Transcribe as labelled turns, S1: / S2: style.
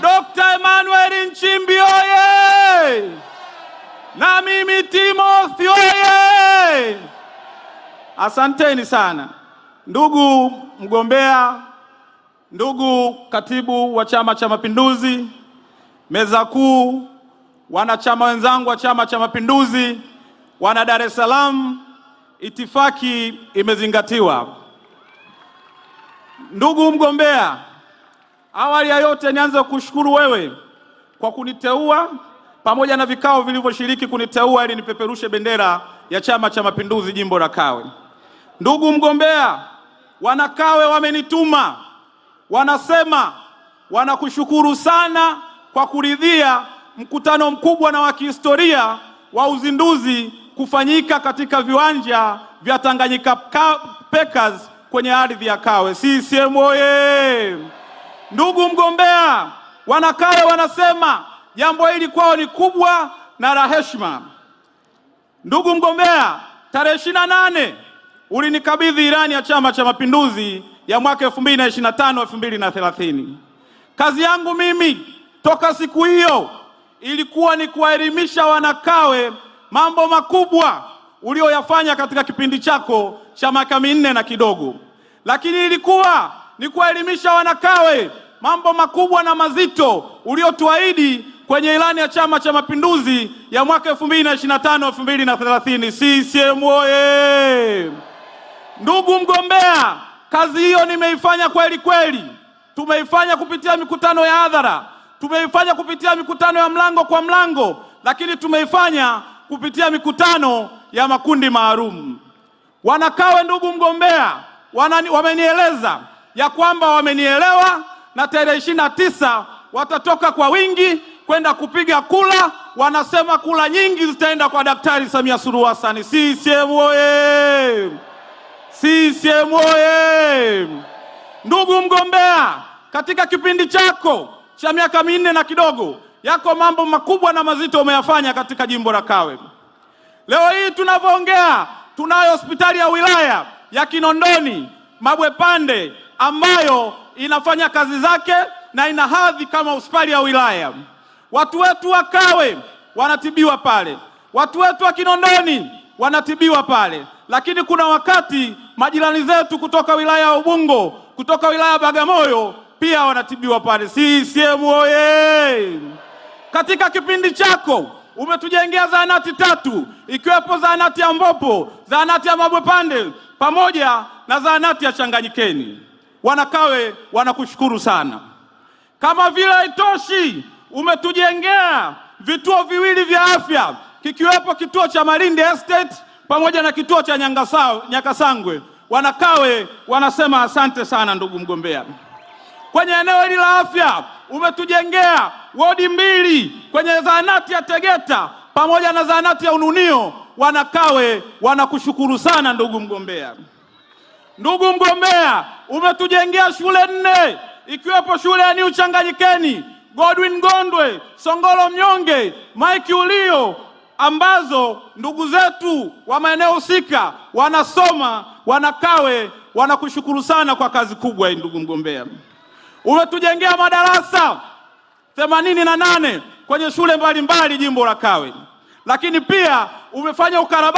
S1: Dr. Emmanuel Nchimbi oye! Na mimi Timothy oye! Asanteni sana ndugu mgombea, ndugu katibu wa Chama cha Mapinduzi, meza kuu, wanachama wenzangu wa Chama cha Mapinduzi, wana Dar es Salaam, itifaki imezingatiwa. Ndugu mgombea Awali ya yote nianze kushukuru wewe kwa kuniteua pamoja na vikao vilivyoshiriki kuniteua ili nipeperushe bendera ya Chama cha Mapinduzi jimbo la Kawe. Ndugu mgombea, wanakawe wamenituma, wanasema wanakushukuru sana kwa kuridhia mkutano mkubwa na wa kihistoria wa uzinduzi kufanyika katika viwanja vya Tanganyika Packers kwenye ardhi ya Kawe. CCM oye! Ndugu mgombea, Wanakaya wanasema jambo hili kwao ni kubwa na la heshima. Ndugu mgombea, tarehe ishirini na nane ulinikabidhi ilani ya Chama cha Mapinduzi ya mwaka 2025 2030. Kazi yangu mimi toka siku hiyo ilikuwa ni kuwaelimisha Wanakawe mambo makubwa ulioyafanya katika kipindi chako cha miaka minne na kidogo, lakini ilikuwa ni kuwaelimisha Wanakawe mambo makubwa na mazito uliotuahidi kwenye ilani ya Chama cha Mapinduzi ya mwaka 2025 2030. CCM oye! Ndugu mgombea, kazi hiyo nimeifanya kweli kweli. Tumeifanya kupitia mikutano ya hadhara, tumeifanya kupitia mikutano ya mlango kwa mlango, lakini tumeifanya kupitia mikutano ya makundi maalum. Wanakawe, ndugu mgombea, wamenieleza ya kwamba wamenielewa na tarehe ishirini na tisa watatoka kwa wingi kwenda kupiga kula. Wanasema kula nyingi zitaenda kwa Daktari Samia Suluhu Hassan. CCM oye! CCM oye! Ndugu mgombea, katika kipindi chako cha miaka minne na kidogo, yako mambo makubwa na mazito umeyafanya katika jimbo la Kawe. Leo hii tunavyoongea, tunayo hospitali ya wilaya ya Kinondoni, Mabwepande ambayo inafanya kazi zake na ina hadhi kama hospitali ya wilaya. Watu wetu wa Kawe wanatibiwa pale, watu wetu wa Kinondoni wanatibiwa pale, lakini kuna wakati majirani zetu kutoka wilaya ya Ubungo, kutoka wilaya ya Bagamoyo pia wanatibiwa pale. CCM oye! Katika kipindi chako umetujengea zahanati tatu ikiwepo zahanati ya Mbopo, zahanati ya Mabwepande pamoja na zahanati ya Changanyikeni. Wanakawe wanakushukuru sana. Kama vile haitoshi, umetujengea vituo viwili vya afya kikiwepo kituo cha Malindi Estate pamoja na kituo cha Nyangasao, Nyakasangwe. Wanakawe wanasema asante sana ndugu mgombea. Kwenye eneo hili la afya umetujengea wodi mbili kwenye zahanati ya Tegeta pamoja na zahanati ya Ununio. Wanakawe wanakushukuru sana ndugu mgombea. Ndugu mgombea, umetujengea shule nne ikiwepo shule ya New Changanyikeni, Godwin Gondwe, Songolo Mnyonge, Mike Ulio, ambazo ndugu zetu wa maeneo husika wanasoma, wanakawe, wanakushukuru sana kwa kazi kubwa hii. Ndugu mgombea, umetujengea madarasa themanini na nane kwenye shule mbalimbali mbali jimbo la Kawe, lakini pia umefanya ukarabati